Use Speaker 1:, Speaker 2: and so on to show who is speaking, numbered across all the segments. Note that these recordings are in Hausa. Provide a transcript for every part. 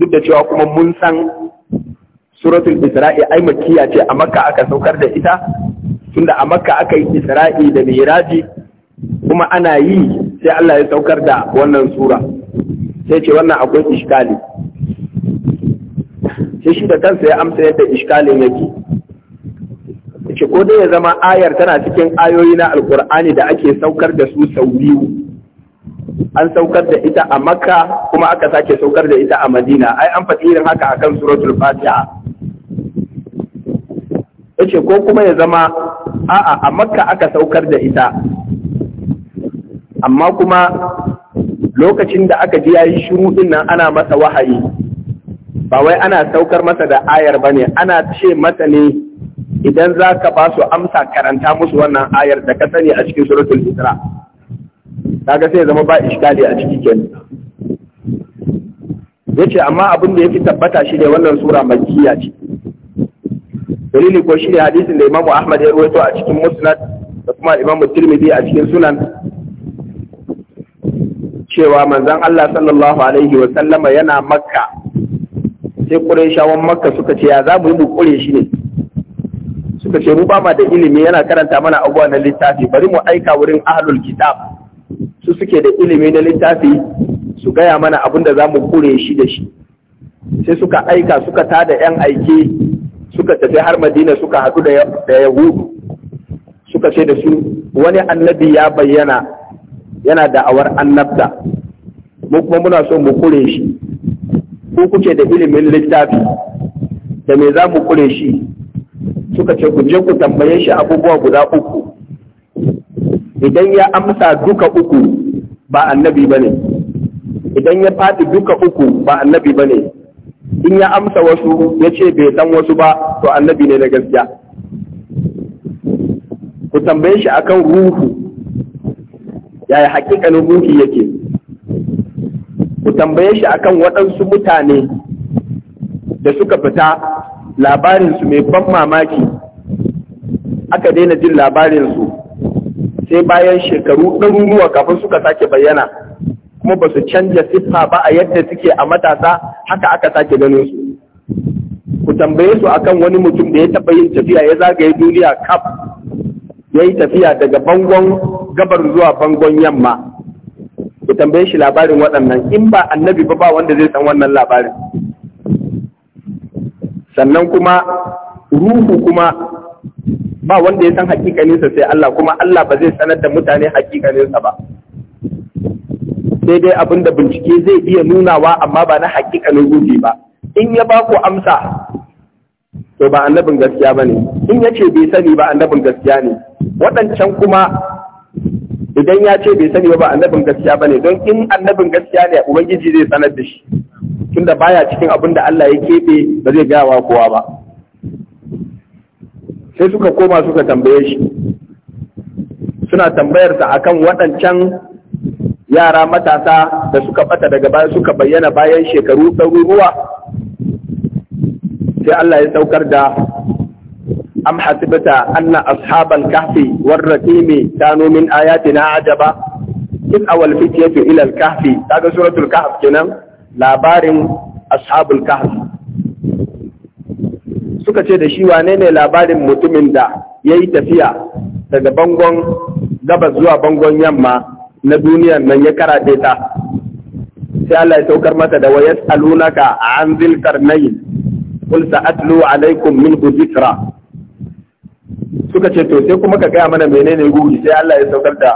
Speaker 1: duk da cewa kuma mun san suratul isra'i ai makkiya ce a makka aka saukar da ita tunda a makka aka yi isra'i da miraji kuma ana yi sai Allah ya saukar da wannan sura sai ce wannan akwai iskali sai shi da kansa ya amsa yadda iskalin yake ce ko dai ya zama ayar tana cikin ayoyi na alkur'ani da ake saukar da su sau biyu an saukar da ita a makka kuma aka sake saukar da ita a madina ai an faɗi irin haka akan suratul fatiha yace ko kuma ya zama a'a a makka aka saukar da ita amma kuma lokacin da aka ji yayi shiru din nan ana masa wahayi ba wai ana saukar masa da ayar bane ana ce masa ne idan za ka ba su amsa karanta musu wannan ayar da ka sani a cikin suratul isra' kaga sai ya zama ba iskali a ciki kenan yace amma abin da yafi tabbata shi ne wannan sura makkiya ce dalili ko shi hadisin da Imam Ahmad ya rawaito a cikin Musnad da kuma Imam Tirmidhi a cikin Sunan cewa manzon Allah sallallahu alaihi wa sallama yana Makka sai Qurayshawan Makka suka ce ya za mu yi mu kure shi ne suka ce mu ba ma da ilimi yana karanta mana abubuwa na littafi bari mu aika wurin ahlul kitab su suke da ilimi na littafi su gaya mana abin da za mu kure shi da shi sai suka aika suka da 'yan aiki suka tafi har madina suka haɗu da yahudu suka ce da su wani annabi ya bayyana yana da'awar annabta mu kuma muna so mu kure shi ku kuke da ilimin littafi da me za mu kure shi suka ce ku je ku tambaye shi abubuwa guda uku idan ya amsa duka uku ba annabi ba ne idan ya faɗi duka uku ba annabi ba ne in ya amsa wasu ya ce bai san wasu ba to annabi ne na gaskiya ku tambaye shi akan ruhu yaya hakikanin ruhi yake ku tambaye shi akan waɗansu mutane da suka fita labarinsu mai ban mamaki aka daina jin labarinsu sai bayan shekaru ɗaruruwa kafin suka sake bayyana kuma ba su canja siffa ba a yadda suke a matasa haka aka sake ganin su ku tambaye su akan wani mutum da ya taɓa yin tafiya ya zagaye duniya kaf ya yi tafiya daga bangon gabar zuwa bangon yamma ku tambaye shi labarin waɗannan in ba annabi ba ba wanda zai san wannan labarin sannan kuma ruhu kuma ba wanda ya san hakikaninsa sai Allah kuma Allah ba zai sanar da mutane hakikaninsa ba sai dai abin da bincike zai iya nunawa amma ba na hakikanin ruhi ba in ya ba ku amsa to ba annabin gaskiya ba ne in ya ce bai sani ba annabin gaskiya ne waɗancan kuma idan ya ce bai sani ba annabin gaskiya ba ne don in annabin gaskiya ne ubangiji zai sanar da shi tunda baya cikin abin da Allah ya keɓe ba zai gaya wa kowa ba sai suka koma suka tambaye shi suna tambayar sa akan waɗancan yara matasa da suka bata daga baya suka bayyana bayan shekaru ɗaruruwa sai Allah ya saukar da am hasibta anna ashabal kahfi war raqimi kanu min ayatina ajaba in awal fitiyatu ila al kahfi daga suratul kahf kenan labarin ashabul kahfi suka ce da shi wane ne labarin mutumin da ya yi tafiya daga bangon gabas zuwa bangon yamma na duniyan nan ya karate ta sai Allah ya saukar mata da wayas alunaka a an zilkar nayin kul sa'atlu alaikum min zikra suka ce to sai kuma ka gaya mana menene ruhi sai Allah ya saukar da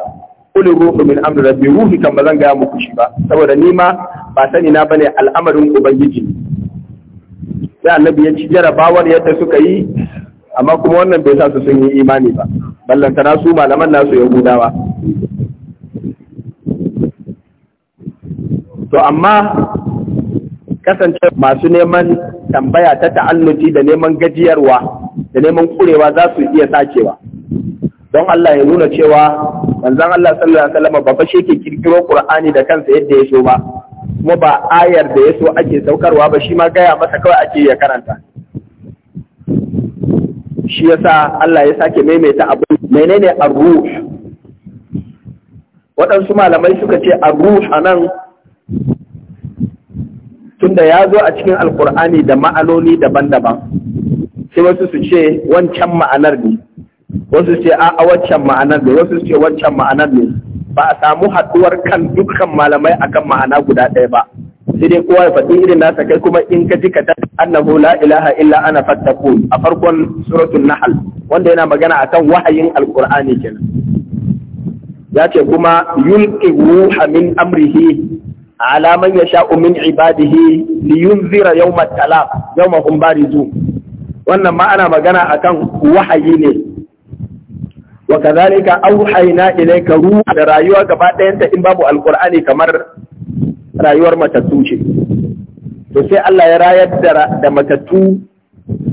Speaker 1: kulin ruhu min amri rabbi ruhi kan ba zan gaya muku shi ba saboda ni ma ba sani na bane al'amarin ubangiji sai annabi ya ci jarabawar yadda suka yi amma kuma wannan bai sa su sun yi imani ba ballantana su malaman nasu yahudawa to amma kasance masu neman tambaya ta ta'alluti da neman gajiyarwa da neman kurewa za su iya sacewa don Allah ya nuna cewa manzon Allah sallallahu alaihi wasallam ba fa shi ke kirkiro Qur'ani da kansa yadda ya so ba kuma ba ayar da ya so ake saukarwa ba shi ma gaya masa kawai ake ya karanta shi yasa Allah ya sake maimaita abu menene ar-ruh waɗansu malamai suka ce ar-ruh anan tunda ya zo a cikin alkur'ani da ma'anoni daban-daban sai wasu su ce wancan ma'anar ne wasu ce a wancan ma'anar ne wasu su ce wancan ma'anar ne ba a samu haɗuwar kan dukkan malamai akan ma'ana guda ɗaya ba sai dai kowa ya faɗi irin nasa kai kuma in ka ji ka ta annahu la ilaha illa ana fattaqun a farkon suratul nahl wanda yana magana akan wahayin alqur'ani kenan ya ce kuma yulqi ruha min amrihi ala man yasha'u min ibadihi liyunzira yawma talaq yawma hum barizun wannan ma ana magana akan wahayi ne wa auhaina auhayna ilayka ruha da rayuwa gaba ɗayanta in babu alqur'ani kamar rayuwar matattu ce to sai Allah ya rayar da matattu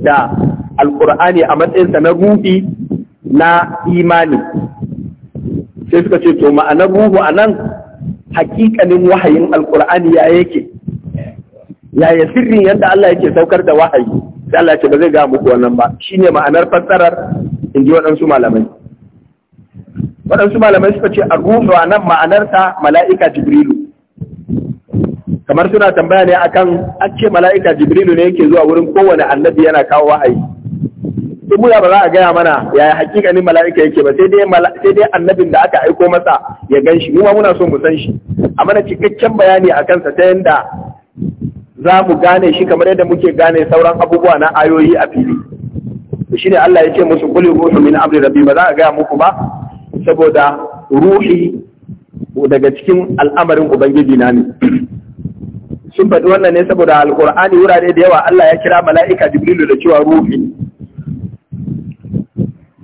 Speaker 1: da alqur'ani a matsayinsa na ruhi na imani sai suka ce to ma'anar ruhu anan hakikanin wahayin alqur'ani ya yake yaya sirrin yadda Allah yake saukar da wahayi sai Allah ce ba zai ga muku wannan ba shine ma'anar fassarar inji waɗansu malamai waɗansu malamai suka ce a ruhu a nan ma'anarta mala'ika jibrilu kamar suna tambaya ne akan kan ake mala'ika jibrilu ne yake zuwa wurin kowane annabi yana kawo wa'ayi duk muna ba za a gaya mana yaya hakikanin mala'ika yake ba sai dai annabin da aka aiko masa ya gan shi mu ma muna so mu san shi a mana cikakken bayani a kansa ta yadda za mu gane shi kamar yadda muke gane sauran abubuwa na ayoyi a fili shi ne Allah ya ce musu kuli ruhu min amri rabbi ba za a gaya muku ba saboda ruhi daga cikin al'amarin ubangiji na ne sun faɗi wannan ne saboda alkur'ani wurare da yawa Allah ya kira mala'ika jibrilu da cewa ruhi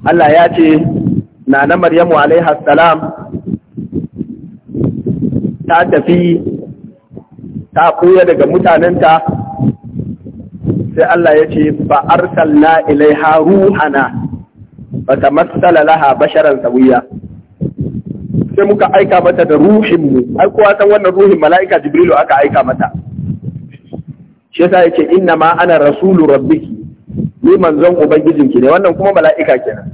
Speaker 1: Allah ya ce na na maryamu alaiha salam ta tafi ta koya daga mutanenta sai Allah ya ce ba arsalna ilaiha ruhana Bata matsala laha basharan sawiya sai muka aika mata da mu. ai kowa san wannan ruhin mala'ika jibrilu aka aika mata shi yasa yace inna ma ana rasulu rabbiki ni manzon ki ne wannan kuma mala'ika kenan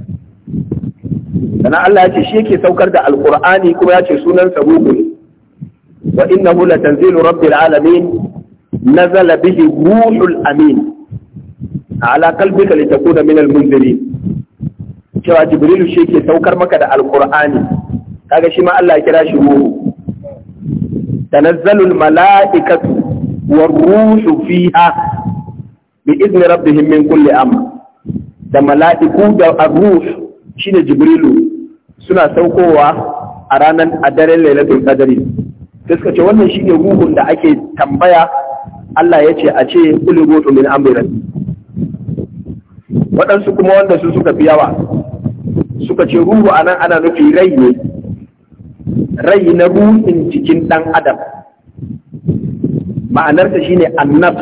Speaker 1: sannan Allah ya ce shi yake saukar da alqur'ani kuma ya ce sunansa ruhu ne wa innahu latanzilu rabbil alamin nazala bihi ruhul amin ala qalbika litakuna minal munzirin cewa jibrilu shi ke saukar maka da alkur'ani kaga shi ma Allah ya kira shi ruhu tanazzalul mala'ikatu war ruhu fiha bi izni rabbihim min kulli amr da mala'iku da ar-ruh shine jibrilu suna saukowa a ranar a daren lailatul qadri sai ce wannan shine ruhun da ake tambaya Allah ya ce a ce kulli ruhu min amrin waɗansu kuma wanda su suka fi yawa suka ce ruhu nan ana nufi rai ne rai na ruhin jikin ɗan adam ma'anarta shine annab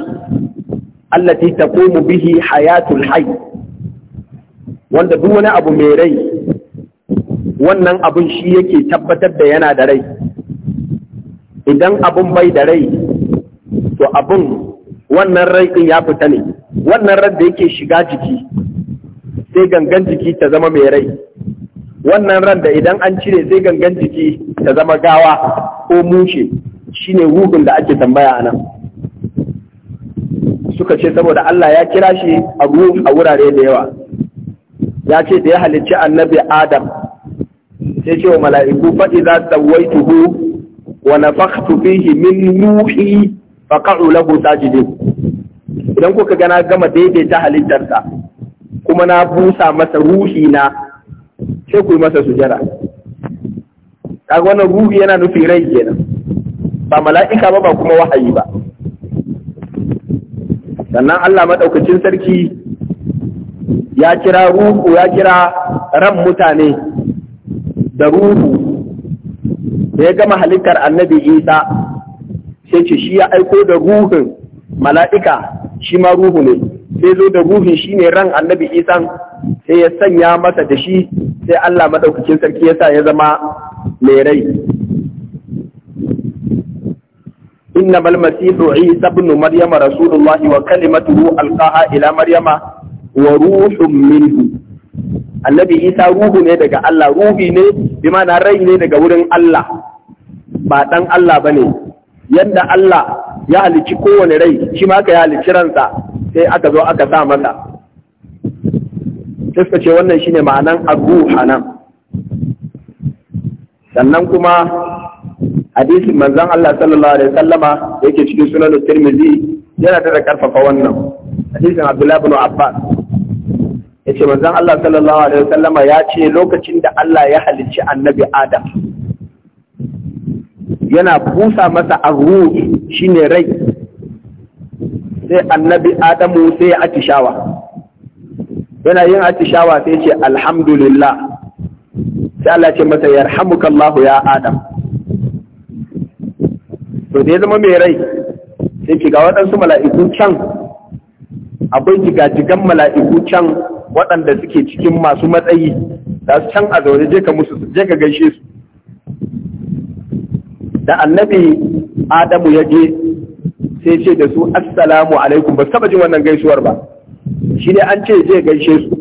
Speaker 1: allati taqumu bihi hayatul hayy wanda duk wani abu mai rai wannan abun shi yake tabbatar da yana da rai idan abun bai da rai to abun wannan rai din ya fita ne wannan rai da yake shiga jiki sai gangan jiki ta zama mai rai wannan ran da idan an cire sai gangan jiki ta zama gawa ko mushe shine ruhun da ake tambaya nan. suka ce saboda Allah ya kira shi a a wurare da yawa ya ce da ya halicci annabi Adam sai ce wa mala'iku faɗi za sawaituhu wa nafakhtu fihi min ruhi faqa'u lahu sajidin idan kuka gana gama daidaita halittarsa kuma na busa masa ruhi na sai ku yi masa sujada kaga wannan ruhi yana nufin rai kenan ba mala'ika ba ba kuma wahayi ba sannan Allah maɗaukacin sarki ya kira ruhu ya kira ran mutane da ruhu da ya gama halittar annabi isa sai ce shi ya aiko da ruhin mala'ika shi ma ruhu ne sai zo da ruhi shi ne ran annabi Isa sai ya sanya masa da shi sai Allah maɗaukakin sarki ya sa ya zama mai rai inna bal masihu isa ibn maryama rasulullahi wa kalimatuhu alqaha ila maryama wa ruhun minhu annabi isa ruhu ne daga Allah ruhi ne bi ma'ana rai ne daga wurin Allah ba dan Allah bane Yadda Allah ya halici kowane rai shi ma ka ya halicci ransa sai aka zo aka sa masa suka ce wannan shine ma'anan arruha nan sannan kuma hadisin manzon Allah sallallahu alaihi wasallama yake cikin sunan Tirmidhi yana da karfafa wannan hadisin Abdullah ibn Abbas yace manzon Allah sallallahu alaihi wasallama ya ce lokacin da Allah ya halicci annabi Adam yana busa masa shi shine rai sai annabi adamu sai ya atishawa yana yin atishawa sai ce alhamdulillah sai Allah ce masa yarhamukallahu ya adam to da ya zama mai rai sai ki ga waɗansu mala'iku can akwai jigan mala'iku can waɗanda suke cikin masu matsayi da su can a zaune je ka musu je ka gaishe su da annabi adamu ya je sai ce da su assalamu alaikum ba taba jin wannan gaisuwar ba shi ne an ce zai gaishe su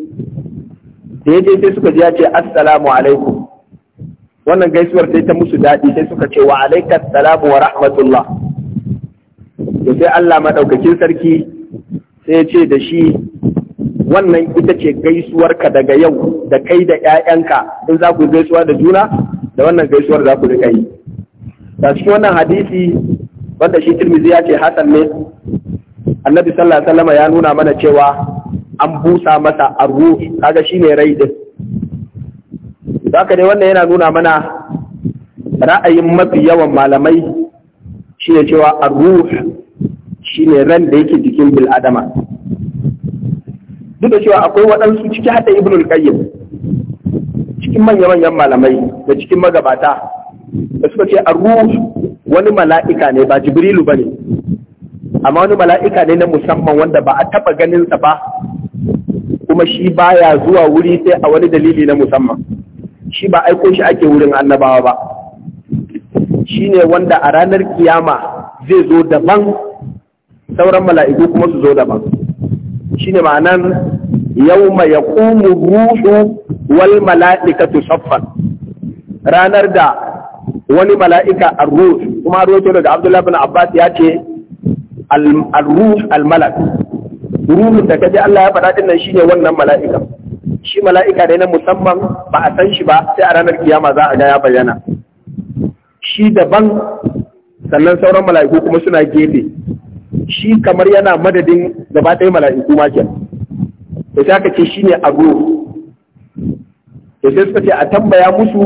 Speaker 1: da ya je sai suka ji ya ce assalamu alaikum wannan gaisuwar sai ta musu daɗi sai suka ce wa alaika salamu wa rahmatullah to sai Allah madaukakin sarki sai ya ce da shi wannan ita ce gaisuwarka daga yau da kai da ƴaƴanka in za ku gaisuwa da juna da wannan gaisuwar za ku rika yi ta cikin wannan hadisi wanda shi tirmizi ya ce hasan ne annabi sallallahu alaihi wasallam ya nuna mana cewa an busa masa arru kaga shine rai din zaka dai wannan yana nuna mana ra'ayin mafi yawan malamai shine cewa arruh shine ran da yake jikin bil adama duk da cewa akwai waɗansu ciki hada al qayyim cikin manya-manyan malamai da cikin magabata da suka ce arru wani mala'ika ne ba jibrilu ba ne amma wani mala'ika ne na musamman wanda ba a taɓa ganinsa ba kuma shi baya zuwa wuri sai a wani dalili na musamman shi ba aiko shi ake wurin annabawa ba shi ne wanda a ranar kiyama zai zo daban sauran mala'iku kuma su zo daban shi ne ma'anan ma ya ƙumu ruhu wal mala'ikatu saffan ranar da wani mala'ika a ruh kuma roto daga Abdullahi bin Abbas ya ce al ruh al-malak ruhun da kaje Allah ya faɗa dinnan shine wannan mala'ika shi mala'ika ne na musamman ba a san shi ba sai a ranar kiyama za a ga ya bayyana shi daban sannan sauran mala'iku kuma suna gefe shi kamar yana madadin gaba ɗaya mala'iku ma kenan to sai ce shine ruh to suka ce a tambaya musu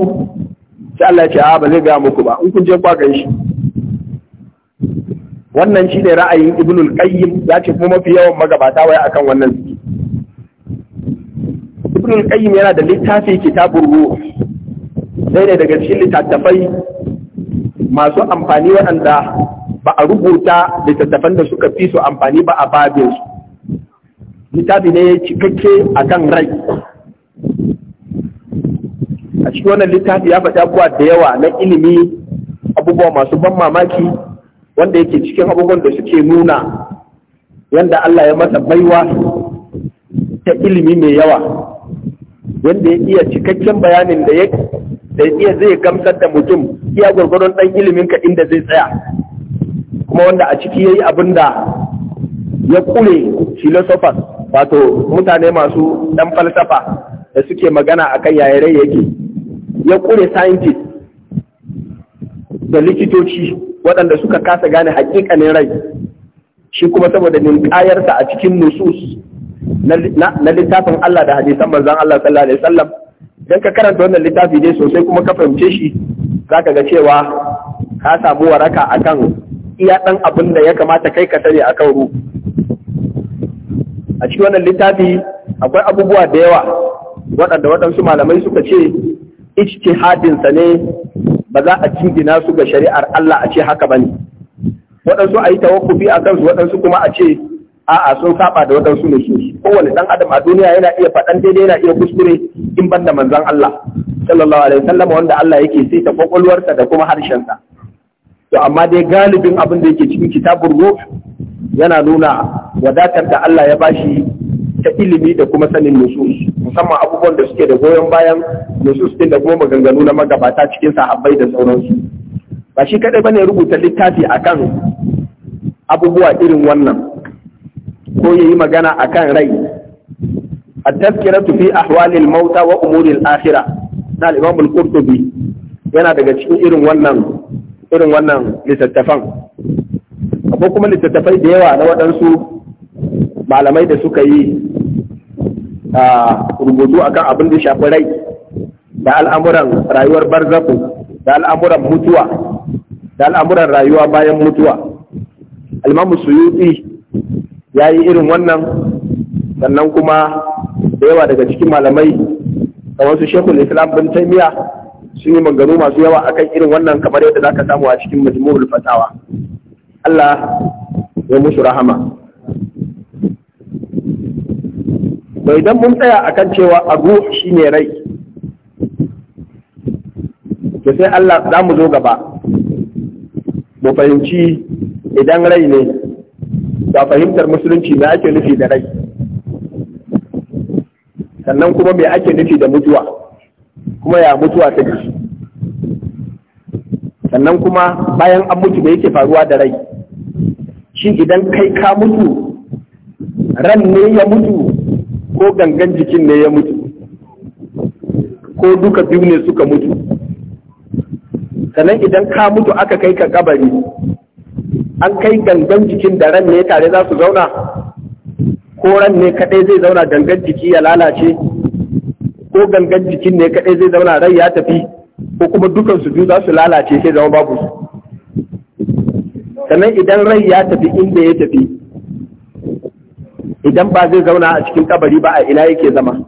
Speaker 1: sai Allah ce a ba zai gaya muku ba in kun je kwa shi wannan shi ne ra'ayin ibnul qayyim ya ce kuma mafi yawan magabata wai akan wannan ibnul qayyim yana da littafi kitabur ruh sai ne daga cikin littattafai masu amfani waɗanda ba a rubuta littattafan da suka fi su amfani ba a su. littafi ne cikakke akan rai a cikin wannan littafi ya faɗi abubuwa da yawa na ilimi abubuwa masu ban mamaki wanda yake cikin abubuwan da suke nuna yadda Allah ya masa baiwa ta ilimi mai yawa Wanda ya iya cikakken bayanin da ya da iya zai gamsar da mutum iya gwargwaron ɗan ilimin ka inda zai tsaya kuma wanda a ciki ya yi abin da ya kure philosophers wato mutane masu ɗan falsafa da suke magana a kan yayarai yake ya ƙure scientist da likitoci waɗanda suka kasa gane haƙiƙanin rai shi kuma saboda ninkayarsa a cikin nusus na littafin Allah da hadisan manzon Allah sallallahu alaihi wasallam dan ka karanta wannan littafi dai sosai kuma ka fahimce shi zaka ga cewa ka samu waraka akan iya dan abin da ya kamata kai ka sani akan ru a cikin wannan littafi akwai abubuwa da yawa waɗanda waɗansu malamai suka ce ijtihadinsa ne ba za a jingina su ga shari'ar Allah a ce haka ba ne. Waɗansu a yi tawakkufi a kansu waɗansu kuma a ce a'a sun saba da waɗansu ne su. Kowane ɗan adam a duniya yana iya faɗan daidai yana iya kuskure in banda da manzon Allah sallallahu alaihi wasallam wanda Allah yake sai ta kwakwalwarsa da kuma harshensa. To amma dai galibin abin da yake cikin kitabun ruh yana nuna wadatar da Allah ya bashi ta ilimi da kuma sanin nusus musamman abubuwan da suke da goyon bayan nusus din da kuma maganganu na magabata cikin sahabbai da sauransu ba shi kadai bane rubuta littafi akan abubuwa irin wannan ko yayi magana akan rai at-tazkiratu fi ahwalil mauta wa umuril akhirah na al-imam yana daga cikin irin wannan irin wannan littattafan akwai kuma littattafai da yawa na wadansu malamai da suka yi rubutu kan abin da shafi rai da al'amuran rayuwar barzaku da al'amuran mutuwa da al'amuran rayuwa bayan mutuwa almamu suyuti ya yi irin wannan sannan kuma da yawa daga cikin malamai kamar su shekul islam bin taimiya sun yi maganganu masu yawa akan irin wannan kamar yadda za ka samu a cikin majmu'ul fatawa Allah ya musu rahama to idan mun tsaya kan cewa abu ne rai to sai Allah za mu zo gaba mu fahimci idan rai ne ba fahimtar musulunci me ake nufi da rai sannan kuma me ake nufi da mutuwa kuma ya mutuwa ta ji sannan kuma bayan an mutu me yake faruwa da rai shi idan kai ka mutu ran ne ya mutu ko gangan jikin ne ya mutu ko duka biyu ne suka mutu sannan idan ka mutu aka kai ka kabari an kai gangan jikin da ran ne tare za su zauna ko ran ne kadai zai zauna gangan jiki ya lalace ko gangan jikin ne kadai zai zauna rai ya tafi ko kuma dukan su biyu za su lalace sai zama babu sannan idan rai ya tafi inda ya tafi idan ba zai zauna a cikin kabari ba a ina yake zama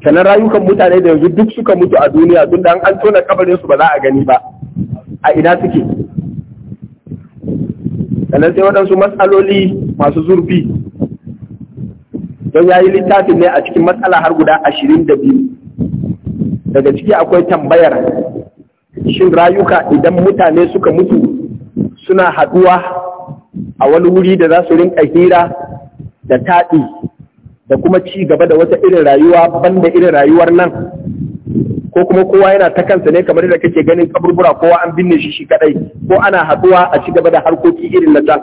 Speaker 1: Kanan rayukan mutane da yanzu duk suka mutu a duniya tun da an tona kabarin su ba za a gani ba a ina suke Kanan sai waɗansu matsaloli masu zurfi don ya yi littafin ne a cikin matsala har guda ashirin da biyu daga ciki akwai tambayar shin rayuka idan mutane suka mutu suna haɗuwa a wani wuri da za su rinka hira da taɗi da kuma ci gaba da wata irin rayuwa banda irin rayuwar nan ko kuma kowa yana ta kansa ne kamar da kake ganin kaburbura kowa an binne shi shi kadai ko ana haduwa a ci gaba da harkoki irin na can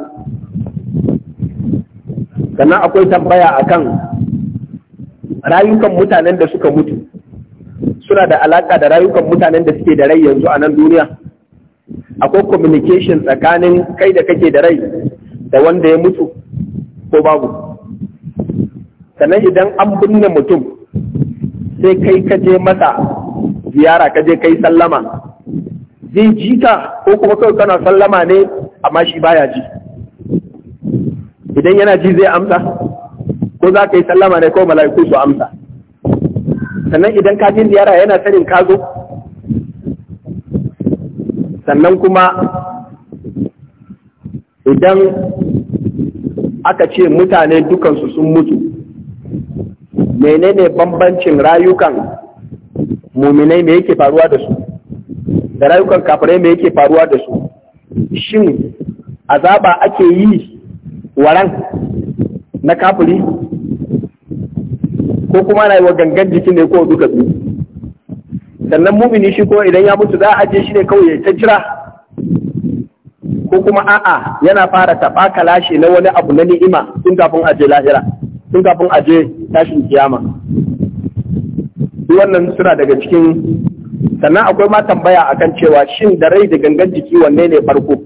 Speaker 1: sannan akwai tambaya akan rayukan mutanen da suka mutu suna da alaka da rayukan mutanen da suke da rai yanzu a nan duniya akwai communication tsakanin kai da kake da rai da wanda ya mutu ko babu sannan idan an binne mutum sai kai ka je masa ziyara ka je kai sallama zai ji ka ko kuma kawai kana sallama ne amma shi baya ji idan yana ji zai amsa ko za ka yi sallama ne ko mala'iku su amsa sannan idan ka je ziyara yana sanin ka zo sannan kuma idan aka ce mutane dukansu sun mutu menene bambancin rayukan muminai me yake faruwa da su da rayukan kafirai me yake faruwa da su shin azaba ake yi waran na kafiri ko kuma na yi wa gangan jiki ne ko duka biyu sannan mumini shi ko idan ya mutu za a ajiye shi ne kawai ya ta jira ko kuma a'a yana fara taɓa kalashe na wani abu na ni'ima tun kafin aje lahira tun kafin a je tashin kiyama wannan suna daga cikin sannan akwai ma tambaya akan cewa shin da rai da gangan jiki wanne ne farko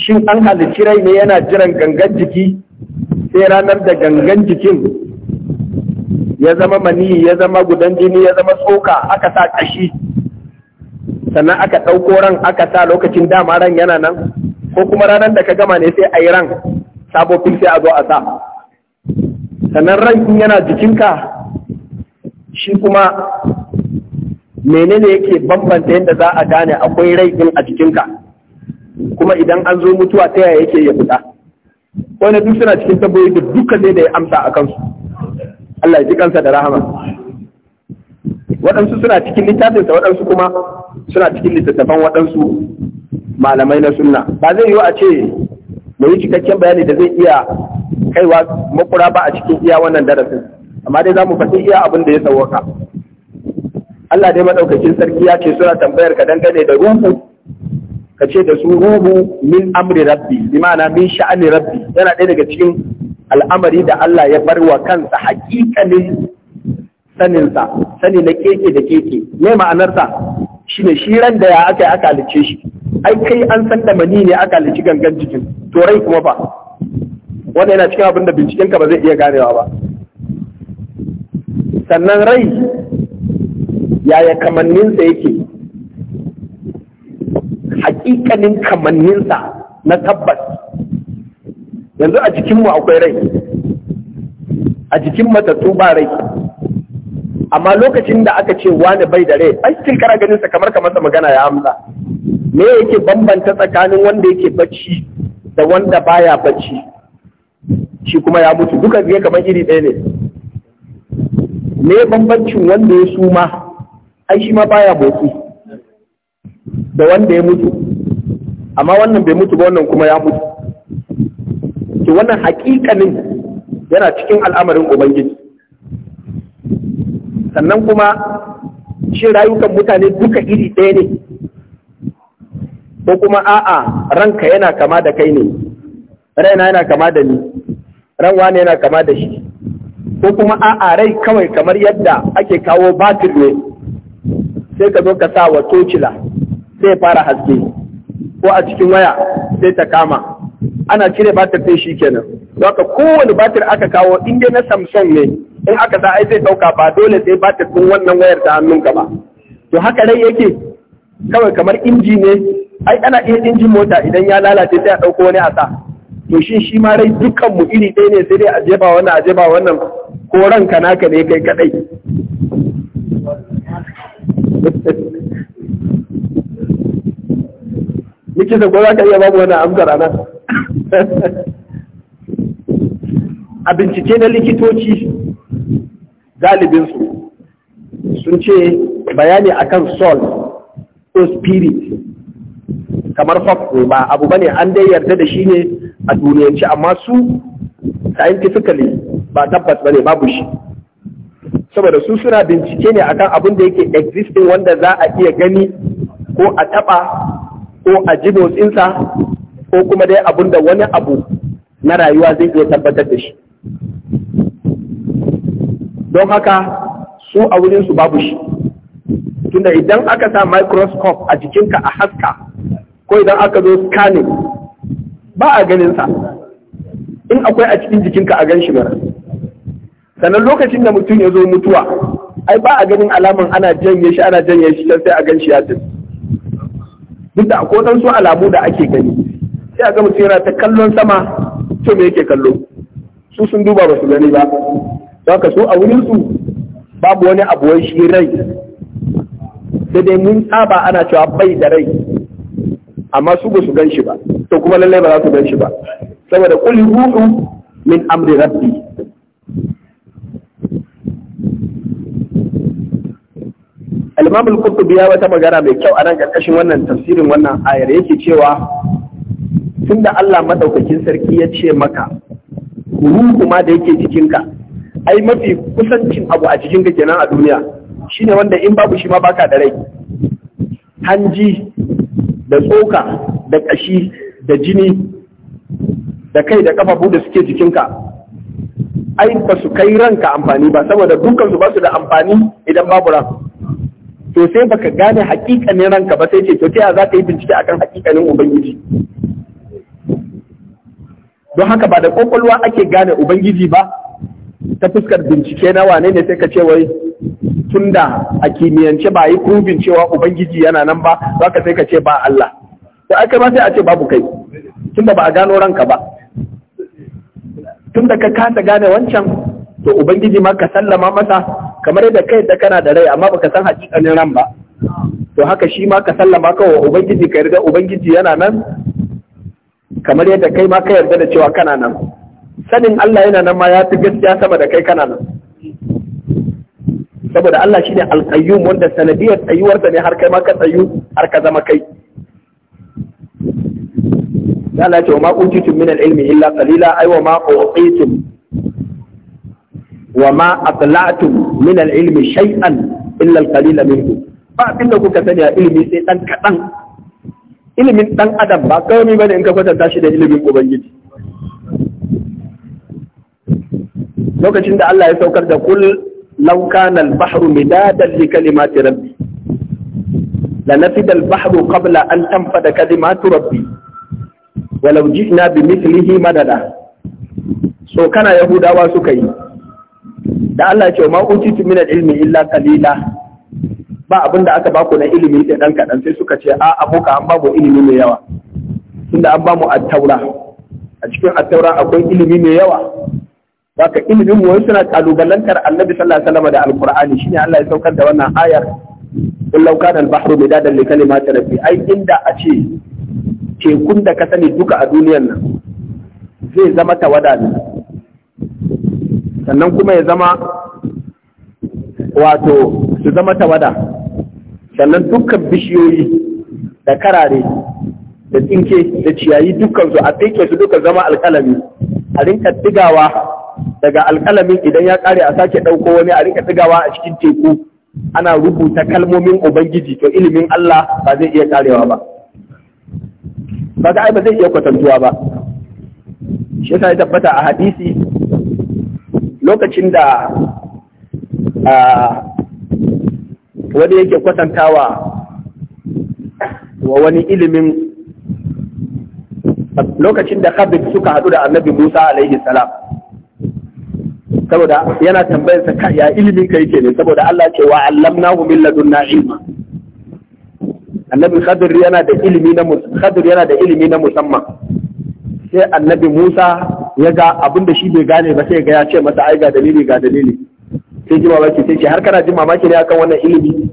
Speaker 1: shin an halicci rai ne yana jiran gangan jiki sai ranar da gangan jikin ya zama mani ya zama gudan jini ya zama tsoka aka sa ƙashi sannan aka ɗauko ran aka sa lokacin dama ran yana nan ko kuma ranar da ka gama ne sai a yi ran sabobin sai a zo a sa sannan ran in yana jikinka shi kuma menene yake bambanta yadda za a gane akwai rai din a jikinka kuma idan an zo mutuwa ta yaya yake ya fita wani duk suna cikin tabbobi da dukkan ne da ya amsa a kansu Allah ya ji kansa da rahama waɗansu suna cikin littafinsa waɗansu kuma suna cikin littattafan waɗansu malamai na sunna ba zai yiwu a ce mai yi cikakken bayani da zai iya kaiwa makura ba a cikin iya wannan darasin amma dai za mu faɗi iya abin da ya sauwaka Allah dai madaukakin sarki ya ce suna tambayar ka dangane da ruhu ka ce da su ruhu min amri rabbi bi ma'ana min sha'ani rabbi yana ɗaya daga cikin al'amari da Allah ya bar wa kansa haƙiƙanin saninsa sani na keke da keke me ma'anarsa shine shiran da ya aka aka halicce shi ai kai an san da mani ne aka halici gangan jikin to rai kuma ba wanda yana cikin abin da binciken ka ba zai iya ganewa ba sannan rai yaya kamanninsa yake hakikanin kamanninsa na tabbas yanzu a jikinmu akwai rai a jikin matattu ba rai amma lokacin da aka ce wani bai da rai ai cikin kara ganin kamar kamar sa magana ya amsa me yake bambanta tsakanin wanda yake bacci da wanda baya bacci shi kuma ya mutu duka zai kamar iri ɗaya ne me bambancin wanda ya suma ai shi ma baya motsi da wanda ya mutu amma wannan bai mutu ba wannan kuma ya mutu to wannan hakikanin yana cikin al'amarin ubangiji sannan kuma shi rayukan mutane duka iri ɗaya ne ko kuma a'a ranka yana kama da kai ne raina yana kama da ni ran wani yana kama da shi ko kuma a'a rai kawai kamar yadda ake kawo batir ne sai ka zo ka sa wa tocila sai fara haske ko a cikin waya sai ta kama ana cire batir sai shi kenan haka kowane batir aka kawo in dai na samsung ne in aka sa ai zai dauka ba dole sai batir din wannan wayar ta hannunka ba to haka rai yake kawai kamar inji ne ai ana iya injin mota idan ya lalace sai a ɗauko wani a sa to shi shi ma rai dukkan mu iri ɗaya ne sai dai a jeba wannan a jeba wannan ko ranka naka ne kai kadai Miki da za ka iya babu wannan amsar a nan. A bincike na likitoci galibinsu sun ce bayani akan salt spirit kamar fakko ba abu bane an dai yarda da shi ne a duniyance amma su scientifically ba tabbas bane babu shi saboda su suna bincike ne akan abin da yake existing wanda za a iya gani ko a taba ko a ji motsinsa ko kuma dai abin da wani abu na rayuwa zai iya tabbatar da shi don haka su a wurinsu babu shi tunda idan aka sa microscope a jikinka a haska ko idan aka zo scanning ba a ganinsa in akwai a cikin jikinka a gan shi mara sannan lokacin da mutum ya zo mutuwa ai ba a ganin alaman ana janye shi ana janye shi sai a gan shi ya tafi duk da akwai wadansu alamu da ake gani sai a ga mutum yana ta kallon sama to me yake kallo su sun duba ba su gani ba don ka su a wurin su babu wani abuwan shi rai da dai mun tsaba ana cewa bai da rai amma su ba su gan shi ba to kuma lallai ba za su gan shi ba saboda kul ruhu min amri rabbi al-imam al-qurtubi ya wata magana mai kyau a nan karkashin wannan tafsirin wannan ayar yake cewa tunda Allah madaukakin sarki ya ce maka ruhu ma da yake cikinka ai mafi kusancin abu a cikinka kenan a duniya Shi ne wanda in babu shi ma baka da rai hanji da tsoka da ƙashi da jini da kai da ƙafafu da suke jikinka ai ba su kai ranka amfani ba saboda dukansu ba su da amfani idan babu ran to sai baka gane hakikanin ranka ba sai ce to ta za ka yi bincike akan hakikanin ubangiji don haka ba da kwakwalwa ake gane ubangiji ba ta fuskar bincike na wane ne sai ka ce wai da a kimiyyance ba yi proving cewa ubangiji yana nan ba za ka sai ka ce ba Allah da aka ma sai a ce babu kai da ba a gano ranka ba Tun da ka kasa gane wancan to ubangiji ma ka sallama masa kamar yadda kai da kana da rai amma baka san hakikanin ran ba to haka shi ma ka sallama kawai ubangiji ka yarda ubangiji yana nan kamar yadda kai ma ka yarda da cewa kana nan sanin Allah yana nan ma ya fi gaskiya sama da kai kana nan saboda Allah shi ne alqayyum wanda sanadiyar tsayuwarsa ne har kai ma ka tsayu har ka zama kai Allah ya ce wa ma utitum min ilmi illa qalila ay wa ma utitum wa ma atla'tum min al-ilmi shay'an illa al-qalila minhu ba abin da kuka sani a ilimi sai dan kadan ilimin dan adam ba kawai bane in ka kwatanta shi da ilimin ubangiji lokacin da Allah ya saukar da kul law kana al-bahru midadan li kalimati rabbi la nafida al-bahru qabla an tanfada kalimatu rabbi walau ji'na bi mithlihi madada so kana yahudawa suka yi da Allah ce ma utitu min al-ilmi illa qalila ba abin da aka baku na ilimi da dan kadan sai suka ce a abuka an babu ilimi mai yawa tunda an bamu at-taura a cikin at-taura akwai ilimi mai yawa Baka ilimin mu suna kalubalantar Annabi sallallahu alaihi wasallam da Alqur'ani shine Allah ya saukar da wannan ayar in lauka da albahru midadan li kalimati rabbi ai inda a ce tekun da ka sani duka a duniyar nan zai zama tawada ne sannan kuma ya zama wato su zama tawada sannan dukkan bishiyoyi da karare da tsinke da ciyayi dukkan su a fike su duka zama alkalami a rinka digawa daga alƙalamin idan ya ƙare a sake ɗauko wani a rika ɗigawa a cikin teku ana rubuta kalmomin ubangiji to ilimin Allah ba zai iya ƙarewa ba ba ga ba zai iya kwatantuwa ba shi yasa ya tabbata a hadisi lokacin da wani yake kwatantawa wa wani ilimin lokacin da khabib suka haɗu da annabi Musa alaihi salam saboda yana tambayar sa ya ilimi ka yake ne saboda Allah ce wa allamnahu min ladunna ilma annabi khadir yana da ilimi na khadir yana da ilimi na musamman sai annabi Musa ya ga abinda shi bai gane ba sai ga ya ce masa ai ga dalili ga dalili sai ji mamaki sai ce har kana jin mamaki ne akan wannan ilimi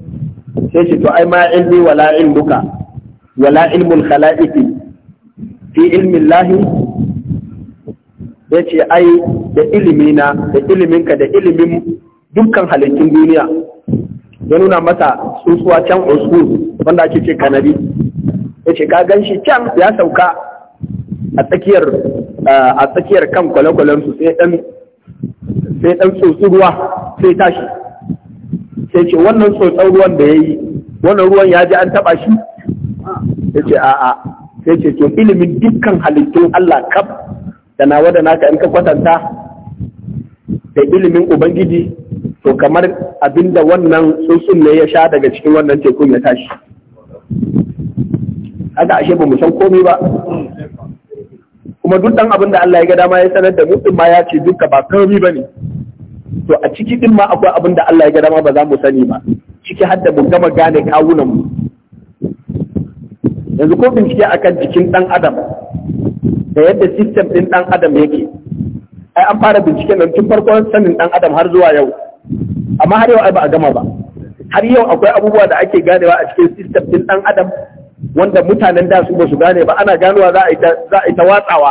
Speaker 1: sai ce to ai ma ilmi wala ilmuka wala ilmul khalaiqi fi ilmi Allah ya ce ai da na da iliminka da ilimin dukkan halittun duniya ya nuna masa tsuntsuwa can osu wanda ake ce kanari ya ce gan shi can ya sauka a tsakiyar a tsakiyar kan kwale-kwalen su sai dan sai dan tsotsi ruwa sai tashi sai ce wannan tsotsan ruwan da ya yi wannan ruwan ya ji an taba shi ya ce a'a sai ce to ilimin dukkan halittun Allah kaf da nawa da naka in ka kwatanta da ilimin ubangiji to kamar abinda wannan tsuntsun ne ya sha daga cikin wannan tekun ya tashi haka ashe ba mu san komai ba kuma duk dan abin da Allah ya ga dama ya sanar da mu din ma ya ce duka ba komai bane to a ciki din ma akwai abin da Allah ya ga dama ba za mu sani ba ciki har da mu gama gane kawunan mu yanzu ko bincike akan jikin ɗan adam da yadda sistem ɗin ɗan adam yake ai an fara binciken nan tun farkon sanin ɗan adam har zuwa yau amma har yau ai ba a gama ba har yau akwai abubuwa da ake ganewa a cikin sistem ɗin ɗan adam wanda mutanen da su ba su gane ba ana ganowa za a yi ta watsawa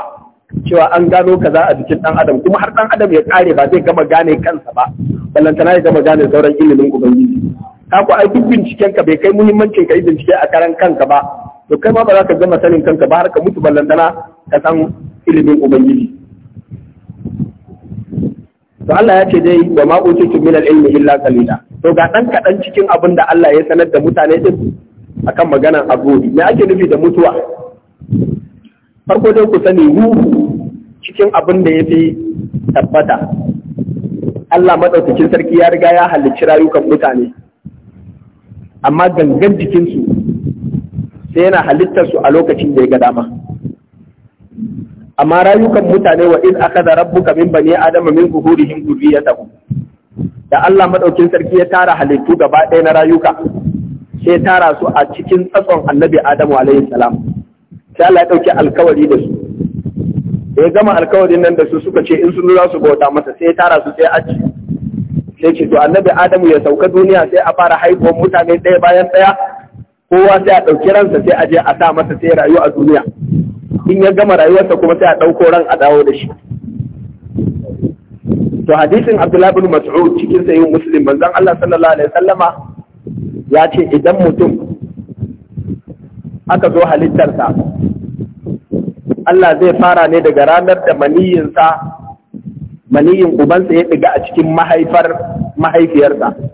Speaker 1: cewa an gano kaza a jikin ɗan adam kuma har ɗan adam ya ƙare ba zai gama gane kansa ba ballantana ya gama gane sauran ilimin ubangiji ka ku ai duk binciken ka bai kai muhimmancin ka yi bincike a karan kanka ba to kai ma ba za ka gama sanin kanka ba har ka mutu ballantana ka san ilimin ubangiji to Allah ya ce dai wa ma utitu min al-ilmi illa qalila to ga dan kadan cikin abin da Allah ya sanar da mutane din akan maganar azuri me ake nufi da mutuwa farko dai ku sani ruhu cikin abin da yafi tabbata Allah madaukakin sarki ya riga ya halicci rayukan mutane amma gangan jikinsu sai yana halittarsu a lokacin da ya ga dama amma rayukan mutane wa da rabu kamin min bani adama min ya dhurriyyatahum da Allah Maɗaukin sarki ya tara halittu gaba ɗaya na rayuka sai tara su a cikin tsatson annabi Adamu alaihi salam sai Allah ya ɗauki alkawari da su da ya gama alkawarin nan da su suka ce in sun nuna su bauta masa sai tara su sai aji sai ce to annabi Adamu ya sauka duniya sai a fara haihuwar mutane ɗaya bayan ɗaya kowa sai a ɗauki ransa sai a je a sa masa sai rayu a duniya in ya gama rayuwarsa kuma sai a ɗauko ran a dawo da shi to hadisin Abdullahi bin Mas'ud cikin sayin Muslim manzon Allah sallallahu alaihi wasallama ya ce idan mutum aka zo halittarsa Allah zai fara ne daga ranar da maniyinsa maniyin ubansa ya ɗiga a cikin mahaifar mahaifiyarsa